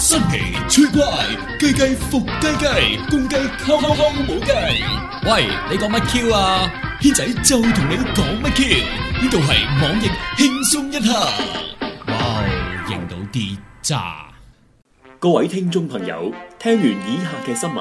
新奇趣怪，雞雞伏雞雞，公雞敲敲敲冇雞。喂，你講乜 Q 啊？軒仔就同你講乜 Q？呢度係網易輕鬆一刻。哇，認到啲咋。各位聽眾朋友，聽完以下嘅新聞，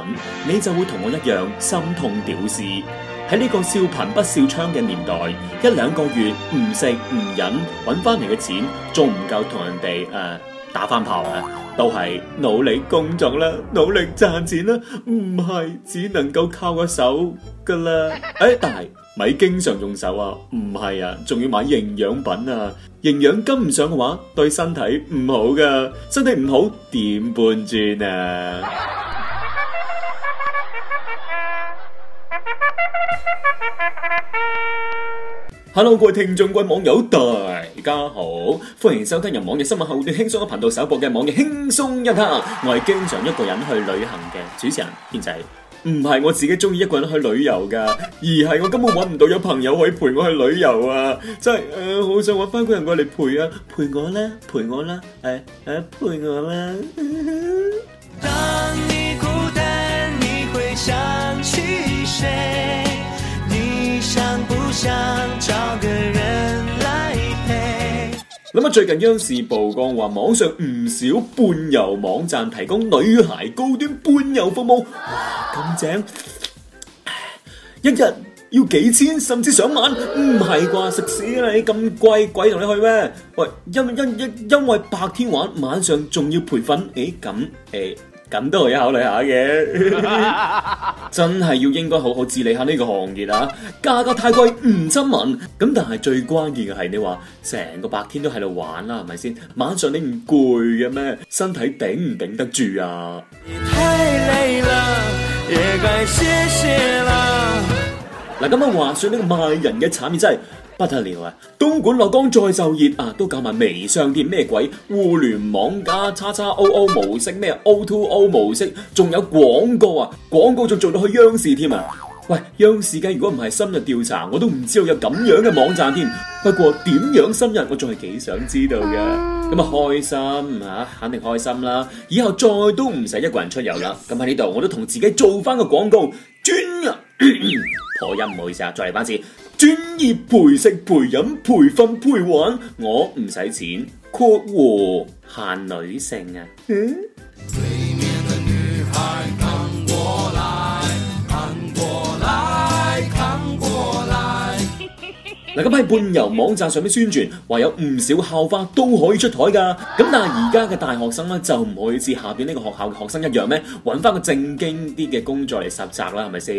你就會同我一樣心痛屌絲。喺呢個笑貧不笑娼嘅年代，一兩個月唔食唔飲，揾翻嚟嘅錢仲唔夠同人哋誒。Uh, 打返炮啊！都係努力工作啦，努力賺錢啦，唔係只能夠靠個手噶啦。誒，但係咪經常用手啊？唔係啊，仲要買營養品啊！營養跟唔上嘅話，對身體唔好噶，身體唔好點搬磚啊！Hello，各位聽眾、各位網友大。大家好，歡迎收聽由網易新聞後段輕鬆嘅頻道首播嘅網易輕鬆一刻。我係經常一個人去旅行嘅主持人天仔，唔係我自己中意一個人去旅遊㗎，而係我根本揾唔到有朋友可以陪我去旅遊啊！真係，誒、呃，好想揾翻個人過嚟陪啊，陪我啦，陪我啦，誒、啊、誒，陪我啦。啊、我 當你孤單，你會想起誰？你想不想找個？咁啊！最近央視曝光話，網上唔少伴遊網站提供女孩高端伴遊服務，哇咁正！一日要幾千，甚至上萬，唔係啩？食屎啦！你咁貴，鬼同你去咩？喂，因因因因為白天玩，晚上仲要培訓，哎咁誒。咁都可以考慮下嘅 真係要應該好好治理下呢個行業啊！價格太貴唔親民，咁但係最關鍵嘅係你話，成個白天都喺度玩啦，係咪先？晚上你唔攰嘅咩？身體頂唔頂得住啊？也太累。嗱，咁啊，話説呢個賣人嘅產業真係不得了啊！東莞落崗再就業啊，都搞埋微商店咩鬼？互聯網加叉叉 O O 模式，咩 O to O 模式，仲有廣告啊！廣告仲做到去央視添啊！喂，央視嘅如果唔係深入調查，我都唔知道有咁樣嘅網站添、啊。不過點樣深入，我仲係幾想知道嘅。咁啊，開心啊，肯定開心啦、啊！以後再都唔使一個人出遊啦。咁喺呢度，我都同自己做翻個廣告。專啊破音，唔好意思啊，再嚟班次。專業陪食陪飲、陪飲、陪瞓、陪玩，我唔使錢，括弧限女性啊。嗯嗱，咁喺半遊網站上面宣傳話有唔少校花都可以出台噶，咁但係而家嘅大學生咧就唔可以似下邊呢個學校嘅學生一樣咩，揾翻個正經啲嘅工作嚟實習啦，係咪先？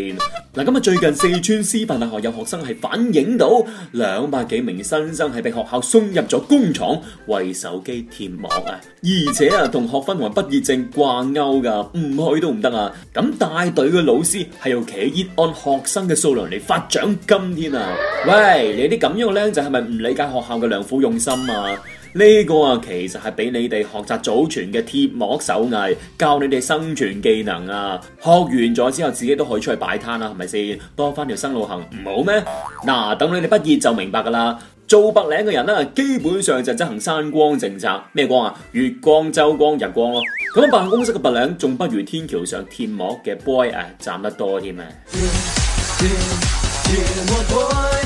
嗱，咁啊最近四川師範大學有學生係反映到兩百幾名新生係被學校送入咗工廠為手機貼膜啊，而且啊同學分同埋畢業證掛鈎噶，唔去都唔得啊，咁帶隊嘅老師係由企業按學生嘅數量嚟發獎金添啊，喂！你啲咁樣嘅僆仔係咪唔理解學校嘅良苦用心啊？呢、這個啊，其實係俾你哋學習祖傳嘅貼膜手藝，教你哋生存技能啊！學完咗之後，自己都可以出去擺攤啦，係咪先？多翻條生路行唔好咩？嗱、啊，等你哋畢業就明白噶啦。做白領嘅人咧、啊，基本上就執行山光政策，咩光啊？月光、周光、日光咯。咁辦公室嘅白領仲不如天橋上貼膜嘅 boy 啊，賺得多添啊！Yeah, yeah, yeah,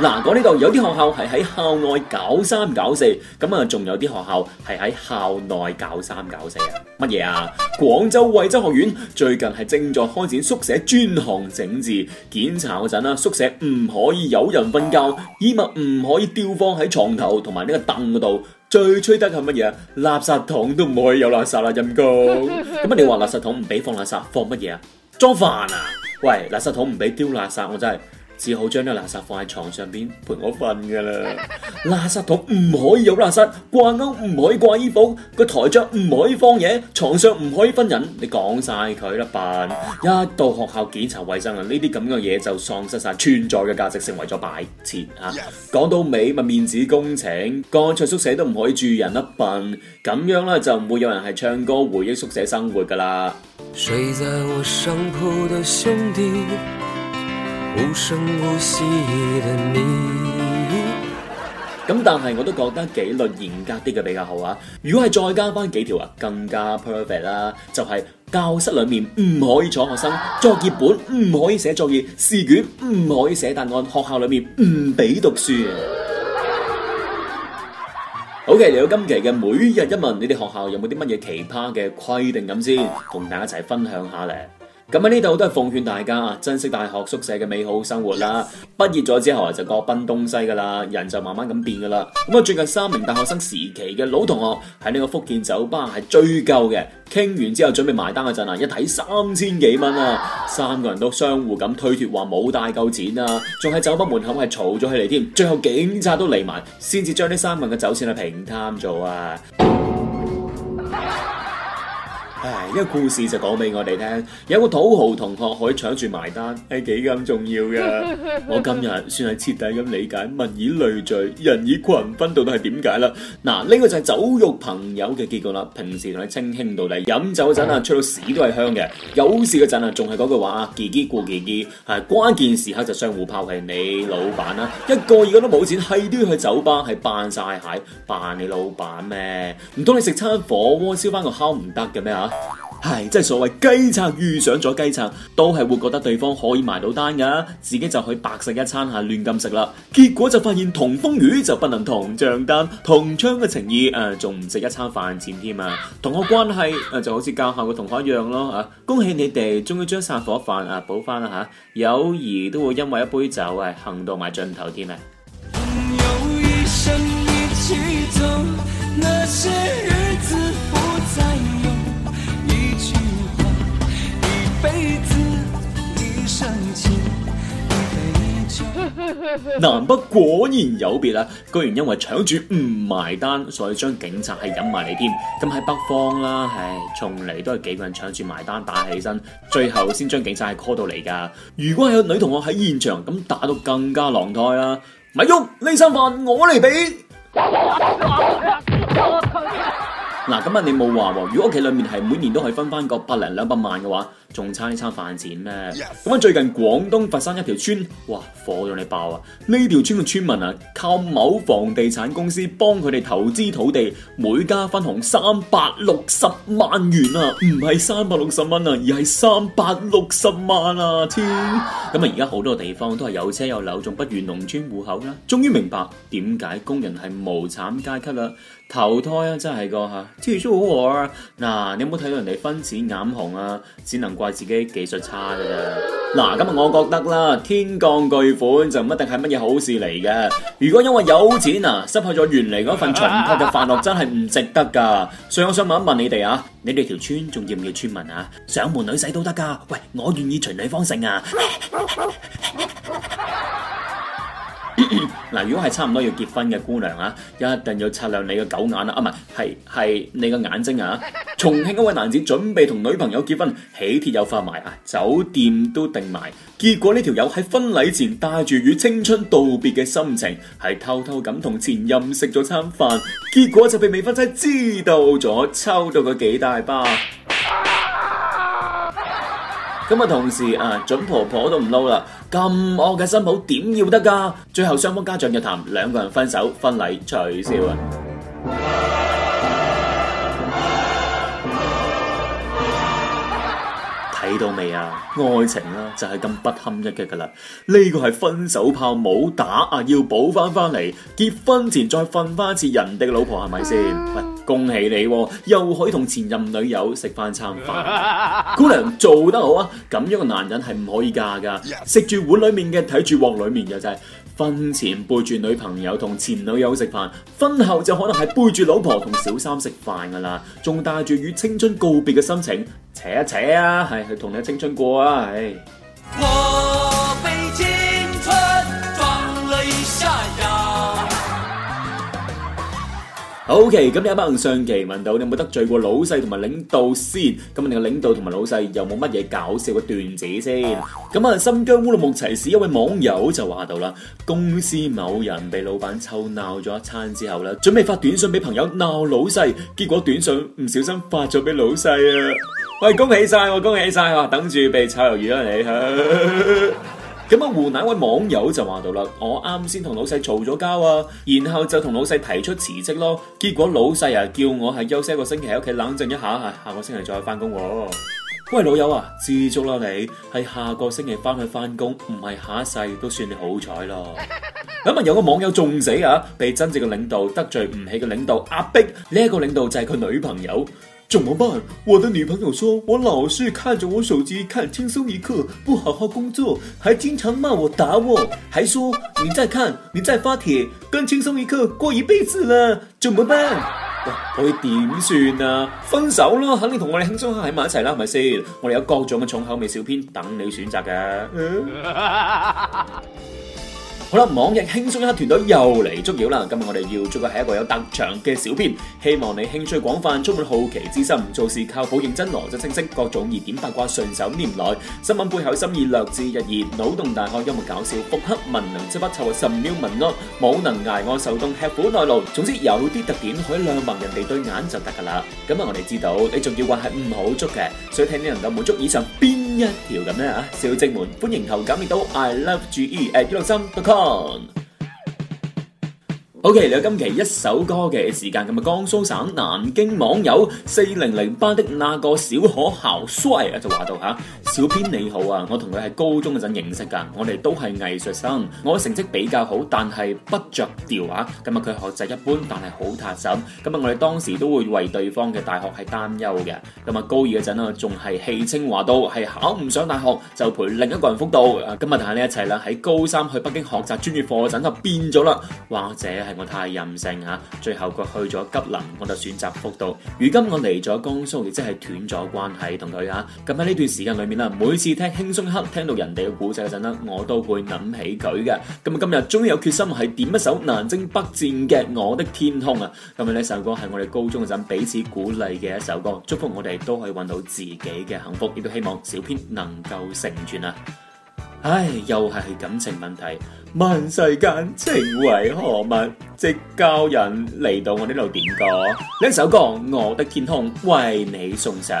嗱，講呢度有啲學校係喺校外搞三搞四，咁啊，仲有啲學校係喺校內搞三搞四啊。乜嘢啊？廣州惠州學院最近係正在開展宿舍專項整治檢查嗰陣啦，宿舍唔可以有人瞓覺，衣物唔可以丟放喺床頭同埋呢個凳嗰度，最吹得係乜嘢？垃圾桶都唔可以有垃圾啦、啊，陰公。咁你話垃圾桶唔俾放垃圾，放乜嘢啊？裝飯啊？喂，垃圾桶唔俾丟垃圾，我真係～只好將啲垃圾放喺床上邊陪我瞓噶啦。垃圾桶唔可以有垃圾，掛鈎唔可以掛衣服，個台桌唔可以放嘢，床上唔可以瞓人。你講晒佢啦，笨、啊！一到學校檢查衛生啊，呢啲咁嘅嘢就喪失晒存在嘅價值，成為咗擺設、yes. 啊！講到尾咪面子工程，乾脆宿舍都唔可以住人啦，笨！咁樣咧就唔會有人係唱歌回憶宿舍生活噶啦。睡在我無聲無息的你。咁，但係我都覺得紀律嚴格啲嘅比較好啊。如果係再加翻幾條啊，更加 perfect 啦。就係教室裏面唔可以坐學生，作業本唔可以寫作業，試卷唔可以寫答案，學校裏面唔俾讀書。OK，嚟到今期嘅每日一問，你哋學校有冇啲乜嘢奇葩嘅規定咁先，同大家一齊分享下咧。咁喺呢度都係奉勸大家啊，珍惜大學宿舍嘅美好生活啦！畢業咗之後啊，就各奔東西噶啦，人就慢慢咁變噶啦。咁啊，最近三名大學生時期嘅老同學喺呢個福建酒吧係聚舊嘅，傾完之後準備埋單嗰陣啊，一睇三千幾蚊啊，三個人都相互咁推脱，話冇帶夠錢啊，仲喺酒吧門口係嘈咗起嚟添，最後警察都嚟埋，先至將呢三個人嘅酒錢係平攤咗啊。唉，一、這個故事就講俾我哋聽，有個土豪同學可以搶住埋單係幾咁重要嘅。我今日算係徹底咁理解物以類聚，人以群分到底係點解啦？嗱，呢個就係酒肉朋友嘅結果啦。平時同你稱兄道弟，飲酒嗰陣啊，出到屎都係香嘅；有事嗰陣啊，仲係嗰句話啊，自己顧自己。係關鍵時刻就相互拋棄你老闆啦，一個二個都冇錢，係都要去酒吧，係扮晒蟹，扮你老闆咩？唔通你食餐火鍋燒翻個烤唔得嘅咩？吓？係，即係所謂雞賊遇上咗雞賊，都係會覺得對方可以埋到單噶，自己就去白食一餐吓亂咁食啦。結果就發現同風雨就不能同賬單，同窗嘅情誼誒仲唔值一餐飯錢添啊？同學關係誒、啊、就好似駕校嘅同學一樣咯、啊、恭喜你哋，終於將散伙飯啊補翻啦吓，友、啊、誼都會因為一杯酒係行到埋盡頭添啊！南北果然有別啊！居然因為搶住唔埋單，所以將警察係引埋嚟添。咁喺北方啦，唉，從嚟都係幾個人搶住埋單打起身，最後先將警察係 call 到嚟噶。如果有個女同學喺現場，咁打到更加狼胎啦。咪喐呢餐飯我嚟俾。嗱、啊，今、啊啊啊啊啊啊、你冇話喎，如果屋企裏面係每年都可以分翻個百零兩百萬嘅話。仲差呢餐飯錢咩？咁啊！最近廣東佛山一條村，哇，火到你爆啊！呢條村嘅村民啊，靠某房地產公司幫佢哋投資土地，每家分紅三百六十萬元啊！唔係三百六十蚊啊，而係三百六十萬啊！天咁啊！而家好多地方都係有車有樓，仲不如農村戶口啦。終於明白點解工人係無產階級啦，啊，投胎啊，真係個嚇！天助我啊！嗱、啊，你有冇睇到人哋分錢眼紅啊，只能。怪自己技術差噶啦，嗱、啊，噉我覺得啦，天降巨款就唔一定係乜嘢好事嚟嘅。如果因為有錢啊，失去咗原嚟嗰份淳樸嘅快樂，啊、真係唔值得噶。所以我想問一問你哋啊，你哋條村仲要唔要村民啊？上門女婿都得噶，喂，我願意隨女方姓啊。 嗱，如果係差唔多要結婚嘅姑娘啊，一定要擦亮你嘅狗眼啦，啊唔係，係係你嘅眼睛啊！重慶一位男子準備同女朋友結婚，喜帖又發埋啊，酒店都定埋，結果呢條友喺婚禮前帶住與青春道別嘅心情，係偷偷咁同前任食咗餐飯，結果就被未婚妻知道咗，抽到佢幾大巴。咁啊，同時啊，準婆婆都唔撈啦，咁惡嘅新抱點要得㗎？最後雙方家長就談，兩個人分手，婚禮取消啊！睇到未啊？愛情啦，就係咁不堪一擊噶啦。呢個係分手炮冇打啊，要補翻翻嚟。結婚前再瞓翻次人哋嘅老婆係咪先？喂，恭喜你，又可以同前任女友食翻餐飯。姑娘做得好啊！咁樣嘅男人係唔可以嫁噶。食住碗裏面嘅，睇住鑊裏面嘅就係、是。婚前背住女朋友同前女友食飯，婚後就可能係背住老婆同小三食飯噶啦，仲帶住與青春告別嘅心情，扯一扯啊，係去同你嘅青春過啊，係。OK，咁你阿伯上期問到你有冇得罪過老細同埋領導先，咁啊，你嘅領導同埋老細有冇乜嘢搞笑嘅段子先？咁啊，新疆烏魯木齊市一位網友就話到啦，公司某人被老闆臭鬧咗一餐之後咧，準備發短信俾朋友鬧老細，結果短信唔小心發咗俾老細啊！喂，恭喜晒，我恭喜晒，吓等住被炒魷魚啦你。咁啊！湖南一位網友就話到啦，我啱先同老細嘈咗交啊，然後就同老細提出辭職咯，結果老細啊叫我係休息一個星期喺屋企冷靜一下，下個星期再翻工。喂，老友啊，知足啦你，係下個星期翻去翻工，唔係下一世都算你好彩咯。咁啊，有個網友仲死啊，被真正嘅領導得罪唔起嘅領導壓迫。呢一個領導就係佢女朋友。怎麼辦？我的女朋友說我老是看着我手機看輕鬆一刻，不好好工作，還經常罵我、打我，還說你再看、你再發帖，跟輕鬆一刻過一輩子了。怎麼辦？喂，可以點算啊？分手咯，肯定同我哋輕鬆喺埋一齊啦，係咪先？我哋有各種嘅重口味小片等你選擇嘅。嗯 好啦，網易輕鬆一刻團隊又嚟捉妖啦。今日我哋要捉嘅係一個有特長嘅小編。希望你興趣廣泛，充滿好奇之心，做事靠譜認真邏輯清晰，各種熱點八卦順手拈來。新聞背後心意略知一二，腦洞大開幽默搞笑，腹黑，文能，吃不臭，神妙文囉，冇能捱餓受凍，吃苦耐勞，總之有啲特點可以亮盲人哋對眼，就得㗎啦。咁我哋知道，你仲要話係唔好捉嘅，所以聽你能夠滿足以上，一條咁呢，小精門歡迎投稿嚟到 i love G E at i 誒一六三 dot com。OK，你有今期一首歌嘅時間，今日江蘇省南京網友四零零班的那個小可校衰啊，就話到吓，小編你好啊，我同佢係高中嗰陣認識噶，我哋都係藝術生，我嘅成績比較好，但係不着調啊。今日佢學習一般，但係好踏實。今、啊、日、啊、我哋當時都會為對方嘅大學係擔憂嘅。咁啊、啊，高二嗰陣啊，仲係氣清華到係考唔上大學就陪另一個人復讀、啊。今日睇下呢一切啦，喺高三去北京學習專業課嗰陣就變咗啦、啊，或者。我太任性吓，最後佢去咗吉林，我就選擇復讀。如今我嚟咗江蘇，亦即係斷咗關係同佢吓。咁喺呢段時間裏面啦，每次聽輕鬆一刻，聽到人哋嘅故仔嗰陣咧，我都會諗起佢嘅。咁啊，今日終於有決心係點一首南征北戰嘅《我的天空》啊！咁日呢首歌係我哋高中嗰陣彼此鼓勵嘅一首歌，祝福我哋都可以揾到自己嘅幸福，亦都希望小編能夠成全啊！唉，又係感情問題，問世間情為何物？直教人嚟到我呢度點歌，呢首歌我的天空為你送上。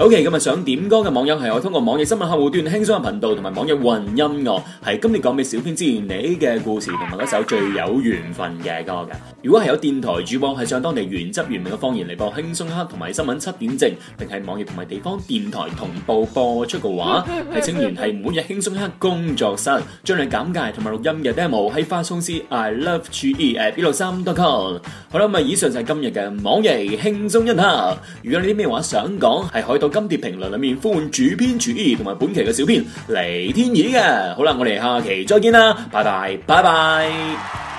O.K. 咁啊，想點歌嘅網友係可以通過網易新聞客戶端輕鬆嘅頻道，同埋網易雲音樂，係今日講俾小編知你嘅故事，同埋一首最有緣分嘅歌嘅。如果係有電台主播係想當地原汁原味嘅方言嚟播輕鬆一刻同埋新聞七點正，定係網易同埋地方電台同步播出嘅話，係請聯繫每日輕鬆一刻工作室，將你簡介同埋錄音嘅 demo 喺發送至 i love ge 誒 b 六三 dot com。好啦，咁啊，以上就係今日嘅網易輕鬆一刻。如果你啲咩話想講，係可以到。今集評論裏面呼喚主編主義同埋本期嘅小編黎天怡嘅，好啦，我哋下期再見啦，拜拜，拜拜。